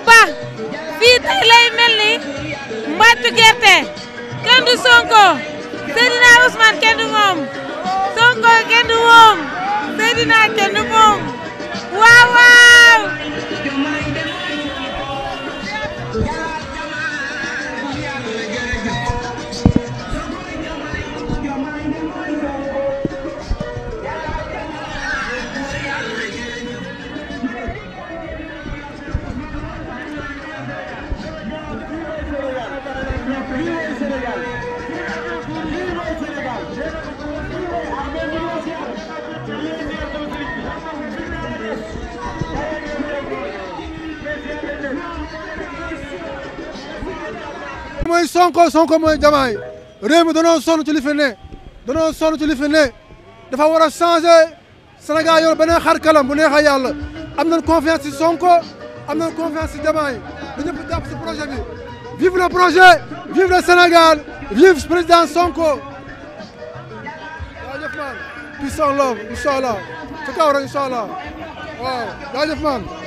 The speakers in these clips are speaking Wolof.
Amady Ba fii tey lay mel ni mbàccu gerte kenn du Sonko Seydina Ousmane kenn du moom Sonko kenn du moom Seydina kenn du moom waaw waaw. Sonko Sonko mooy Diomaye réew mi danoo sonn ci li fi ne danoo sonn ci li dafa war a changer Sénégal yoon beneen xar kalam bu neexee yàlla am nañ confiance ci Sonko am nañ confiance ci Diomaye da projet bi vive le projet vive le Sénégal vive président Sonko jaajëf man peace and love incha allah ca kaw rek incha allah waaw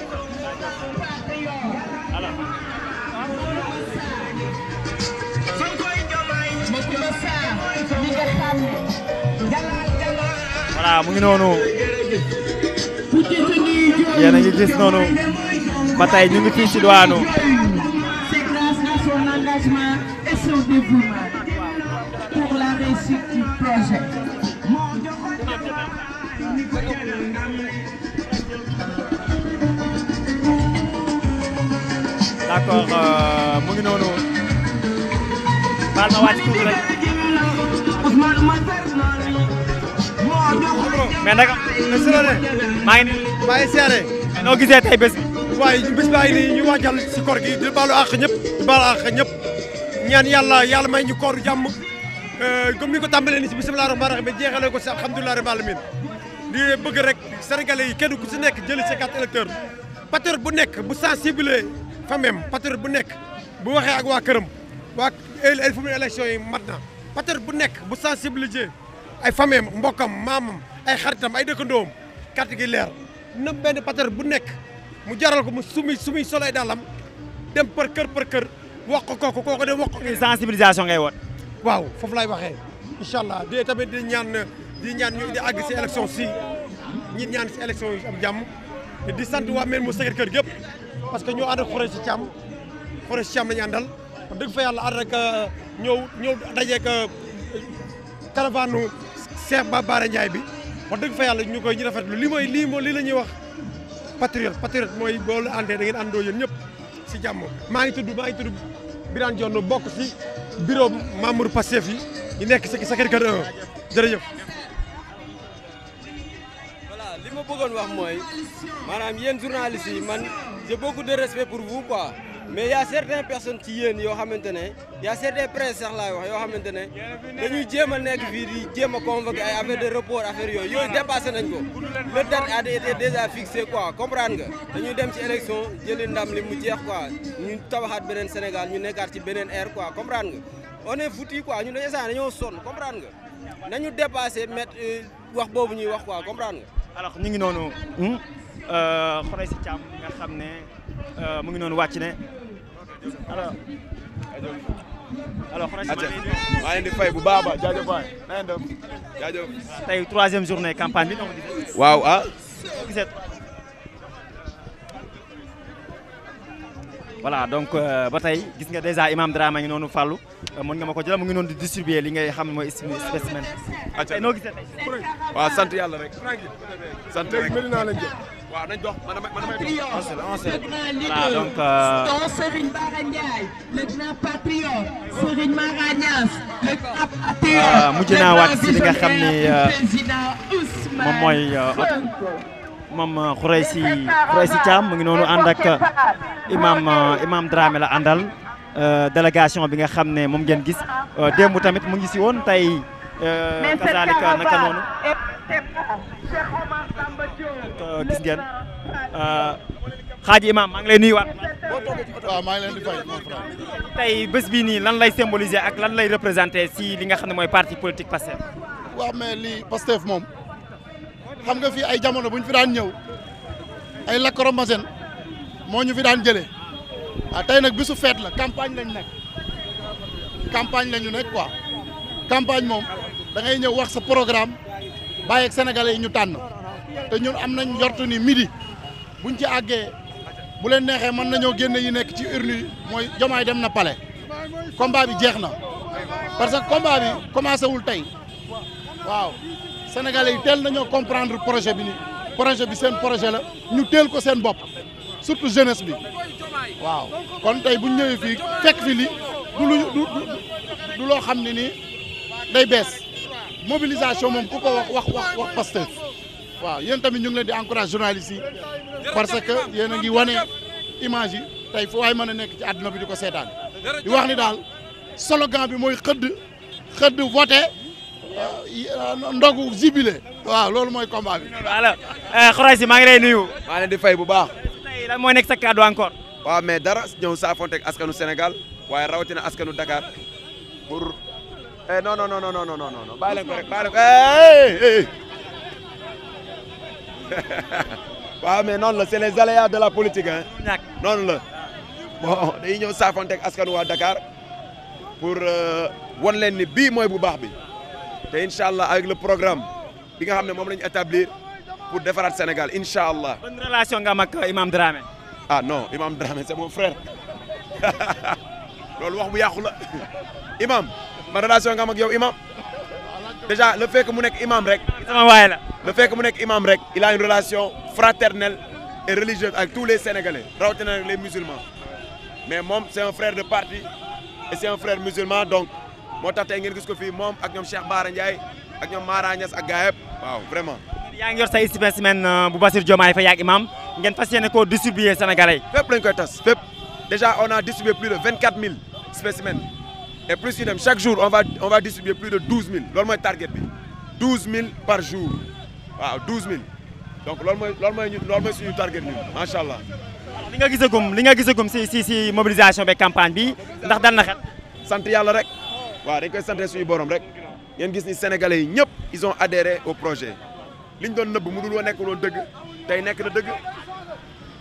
voilà mu ngi noonu yéen ñu ngi fii ci diwaanu d'accord euh, mu ngi noonu baal ma wàcc tuuti rek mais nag monsieur maa ngi nii. maa ngi siyaare. noo gisee tey bés bi. waaye bés baa ngi nii ñu waajal si koor gi di baalu àq ñëpp di baalu àq ñëpp ñaan yàlla yàlla may ñu koor jàmm euh, comme ni ko tàmbalee nii si bisimilah ma rahiim jeexalee ko si alhamdulilah rabbil alamin di bëgg rek sénégalais yi kenn ku si nekk jëli sa carte électeur bu nekk bu sensibiliser famem patriote bu nekk bu waxee ak waa këram waa fu mu yi mat pater bu nekk bu sensibiliser ay famem mbokkam maamam ay xaritam ay dëkkandoom carte gi leer na benn pater bu nekk mu jaral ko mu sumi sumi solo ay dàllam dem par kër par kër wax ko kooku kooku dem wax ko. sensibilisation ngay woon. waaw foofu laay waxee incha allah di tamit di ñaan di ñaan ñu di àgg si élection si ñi ñaan si élection yi am jàmm di sant waa mel mu secrétaire kër yëpp parce que ñoo ànd ak Khoureyssi Thiam Khoureyssi Thiam la ñu àndal. wax dëgg fa yàlla ànd ak euh, ñëw ñëw dajeeg euh, Ba Bara bi wax dëgg fa ñu koy ñu rafetlu li mooy lii moo lii lañuy wax patriote patriote mooy boolu àndee da ngeen àndoo ñëpp si jàmm maa ngi tudd maa ngi tudd bokk si bureau membre Pastef yi ñi nekk si Sacré-Cœur 1 euh, jërëjëf li ma bëggoon wax mooy maanaam yéen journalistes man j'ai beaucoup de respect pour vous quoi mais y' a certaines personnes ci yéen yoo xamante ne y' a certains princes sax yoo xamante ne dañuy jéem a nekk fii di jéem a convoqué ay affaire de report affaire yooyu yooyu dépassé nañ ko le date a été déjà fixé quoi comprendre nga dañuy dem ci élection jëli ndam li mu jeex quoi ñu tabaxaat beneen Sénégal ñu nekkaat ci beneen air quoi comprendre nga on est foutu quoi ñun dañu saa dañoo sonn ga nga nañu dépassé mettre euh, wax boobu ñuy wax quoi comprendre nga alors ñu ngi noonu hmm? Euh, Xorey nga xam ne euh, mu ngi noonu wàcc ne bu baax a baax troisième journée campagne bi waaw ah donc euh, ba tey gis nga déjà imam Dramé ngi noonu fàllu mën nga ma ko jël mu ngi noonu di distribuer li ngay xam mooy spécimen. waaw sant yàlla rek sant rek. waaw nañ dox mujj naa waat si li nga xam euh, ne moom mooy euh, moom Khoureysi euh, Khoureysi Thiam mu ngi noonu ànd ak imam imam la àndal délégation bi nga xam ne moom ngeen gis démb tamit mu ngi si woon tey kazalika naka noonu Euh, gis ngeen euh, xaaji imaam maa ngi lay nuyuwaat. waaw maa ngi leen di fay tey bés bii nii lan lay symboliser ak lan lay représenter si li nga xam ne mooy parti politique Pastef. waaw mais lii Pastef moom xam nga fii ay jamono bu ñu fi daan ñëw ay lacrymogène moo ñu fi daan jële ah, tey nag bisu feet la campagne lañ nekk campagne lañu nekk quoi campagne moom da ñëw wax sa programme bàyyi ak sénégalais yi ñu tànn. te ñun am nañ njortu ni bu buñ ci àggee bu leen neexee mën nañoo génne yi nekk ci urne yi mooy jomaay dem na pale combat bi jeex na parce que combat bi commencé wul tey waaw sénégalais yi teel nañoo comprendre projet bi ni projet bi seen projet la ñu teel ko seen bopp surtout jeunesse bi waaw kon tey bu ñu ñëwee fii fekk fi li du lu loo xam ne nii day bees mobilisation moom ku ko wax wax wax wax waaw yéen tamit ñu ngi leen di encourage journalistes yi parce que yéen a ngi wane image yi tey fu waay a nekk ci àdduna bi di ko seetaan di wax ni daal slogan bi mooy xëdd xëdd voté euh, ndogu jubilé waaw loolu mooy combat bi. alors euh, Khoureychi maa ngi lay nuyu. maa leen di fay bu baax. tey lan mooy nekk sa kàddu encore. waaw mais dara ñëw saafonte ak askanu senegal waaye rawatina askanu Dakar pour. Eh, non non non non non non non ko rek waaw mais noonu la c'est les aléas de la politique hein. la bon dañuy ñëw saafonteeg askan waa Dakar pour euh, won ni bii mooy bu baax bi te incha allah le programme bi nga xam ne moom la ñu établir pour defaraat Sénégal incha allah. bonne relation nga am euh, Imam Dramé. ah non Imam Dramé c'est mon frère loolu wax bu la Imam ma relation nga am yow Imam déjà le fait que mu nekk Imam rek. sama waay la. le fait mu nekk imam rek il a une relation fraternelle et religieuse avec tous les sénégalais rawatina nag les mais moom c' un frère de parti et c' est un frère musulman donc moo tax tey ngeen gis ko fii moom ak ñoom Cheikh Bara Ndiaye ak ñoom Mara Niass ak gars yëpp waaw vraiment. yaa ngi yor say spécimen euh, bu Bassirou Diomaye Faye ak imam ngeen fas yéene koo distribuer sénégalais yi. fépp lañ koy tas fépp déjà on a distribué plus de vingt quatre mille spécimens et plus ñu chaque jour on va on plus de douze mille par jour waaw douze mille donc loolu mooy loolu mooy ñun suñu target ñun macha allah. li nga gisagum li nga gisagum si si si mobilisation beeg campagne bi ndax dal na xel. sant yàlla rek waaw dañ koy sante suñu borom rek ngeen gis ni sénégalais yi ñëpp ison ont adhéré au projet liñ doon nëbb mu dul nekk nekkul woon dëgg tey nekk na dëgg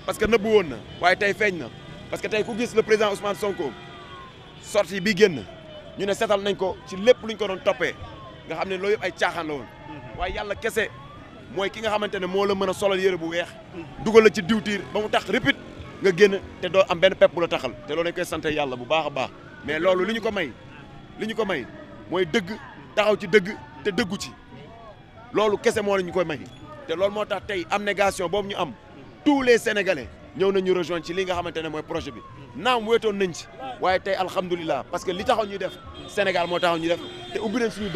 parce que nëbb woon na waaye tey feeñ na parce que tey ku gis le président Ousmane Sonko sortie bi génn ñu ne setal nañ ko ci lépp luñ ko doon toppee. nga xam ne loolu yëpp ay caaxaan la woon mhm. waaye yàlla kese mooy ki nga xamante ne moo la mën a solol yére bu weex dugal la ci diwtiir ba mu tax répit nga génn te doo am benn pepp bu la taxal te loolu dañ sant yàlla bu baax baax mais loolu li ñu ko may li ñu ko may mooy dëgg taxaw ci dëgg te dëggu ci loolu kese moo la ñu koy may te loolu moo tax tey abnégation boobu ñu am tous les sénégalais ñëw nañu région ci li nga xamante ne mooy projet bi naam wéetoon nañ ci waaye tey alhamdulilah parce que li taxaw ñuy def Sénégal moo taxaw ñu def te ubbi nañ suñu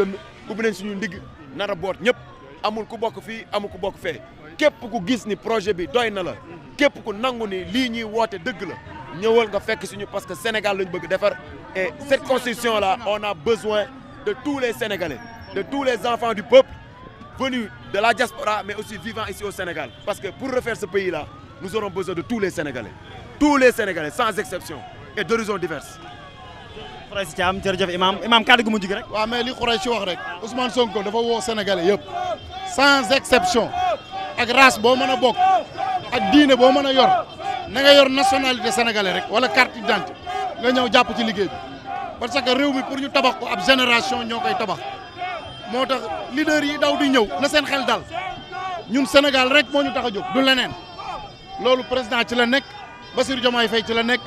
ubbi nañ suñu ndigg nar a boot ñëpp amul ku bokk fii amul ku bokk fee képp ku gis ni projet bi doy na la képp ku nangu ni lii ñuy woote dëgg la ñëwal nga fekk suñu parce que Sénégal lañu bëgg defar et cette constitution là on a besoin de tous les Sénégalais de tous les enfants du peuple venus de la diaspora mais aussi vivant ici au Sénégal parce que pour refaire ce pays là nous aurons besoin de tous les Sénégalais tous les Sénégalais sans exception et d'horizons divers Khoureyssi Thiam jërëjëf imaam rek. waaw mais li Khoureyssi wax rek Ousmane Sonko dafa woo Sénégalais yëpp sans exception ak race boo mën a bokk ak diine boo mën a yor na nga yor nationalité sénégalais rek wala carte d'identité nga ñëw jàpp ci liggéey bi parce que réew mi pour ñu tabax ko ab génération ñoo koy tabax moo tax leader yi daw di ñëw na seen xel dal ñun Sénégal rek moo ñu tax a jóg du leneen loolu président ci la nekk Bassirou Diomaye Faye ci la nekk.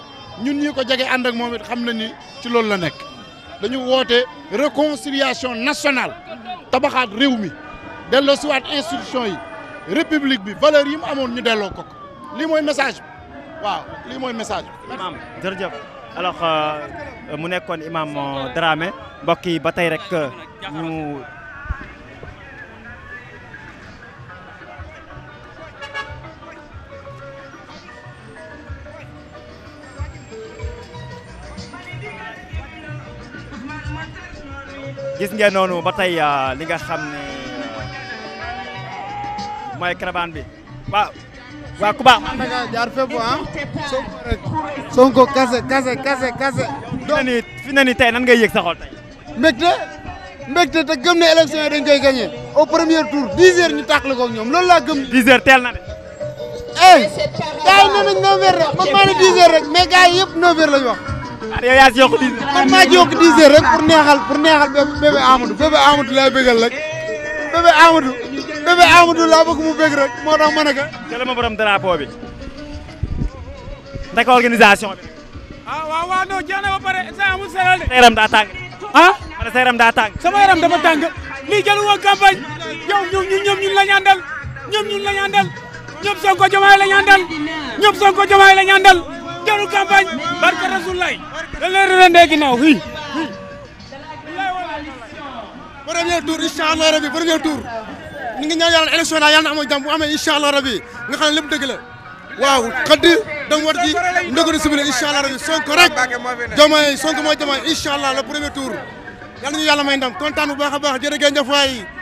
ñun ñi ko jege ànd ak moom xam na ni ci loolu la nekk dañu woote réconciliation nationale tabaxaat réew mi delloo siwaat institution yi république bi valeur yi mu amoon ñu delloo ko lii mooy message waaw lii mooy message bi. imam jërëjëf alors euh, mu nekkoon imam euh, Dramé mbokk yi ba tey rek euh, ñu. gis ngeen noonu ba tey euh, li nga xam ne euh, mooy caravane bi waaw waaw ku baax. jaar fépp ah Sonko kase kase kase kase. donc fi na ni tey nan ngay yëg sa xol tey. mbégte mbégte te gëm ne élection yi dañ koy gagné au premier tour 10 heures ñu tàqale ko ñoom loolu laa gëm. 10 heures teel na de. eh gars yi nee rek man maa ne rek mais gars yëpp 9 la ñu waaw yow yaa si maa ci yokk rek pour neexal pour neexal bébé Amadou bébé Amadou laa bëggal rek moo tax ma ne ko. jëlee ma borom drapeau bi. ndaka organisation bi. ah waaw na ba pare saa amul séeréer de. daa tàng. ah ma daa tàng. sama yaram dafa tàng lii jëlu woon campagne yow ñun ñoom ñun la ñu àndal ñoom la ñu jarul campagne barke Rasulaay da leen rendee ginnaaw fii premier tour incha allah rabi premier tour ñu ngi ñaan yàlla élection daal yàlla na amoo jàmm bu amee incha allah rabi nga xam ne lépp dëgg la waaw xëdd dama war ci ndogalu sibile incha allah rabi Sonko rek Diomaye Sonko mooy Diomaye incha allah le premier tour yàlla ñu yàlla ndam kontaan bu baax a baax jërëjëf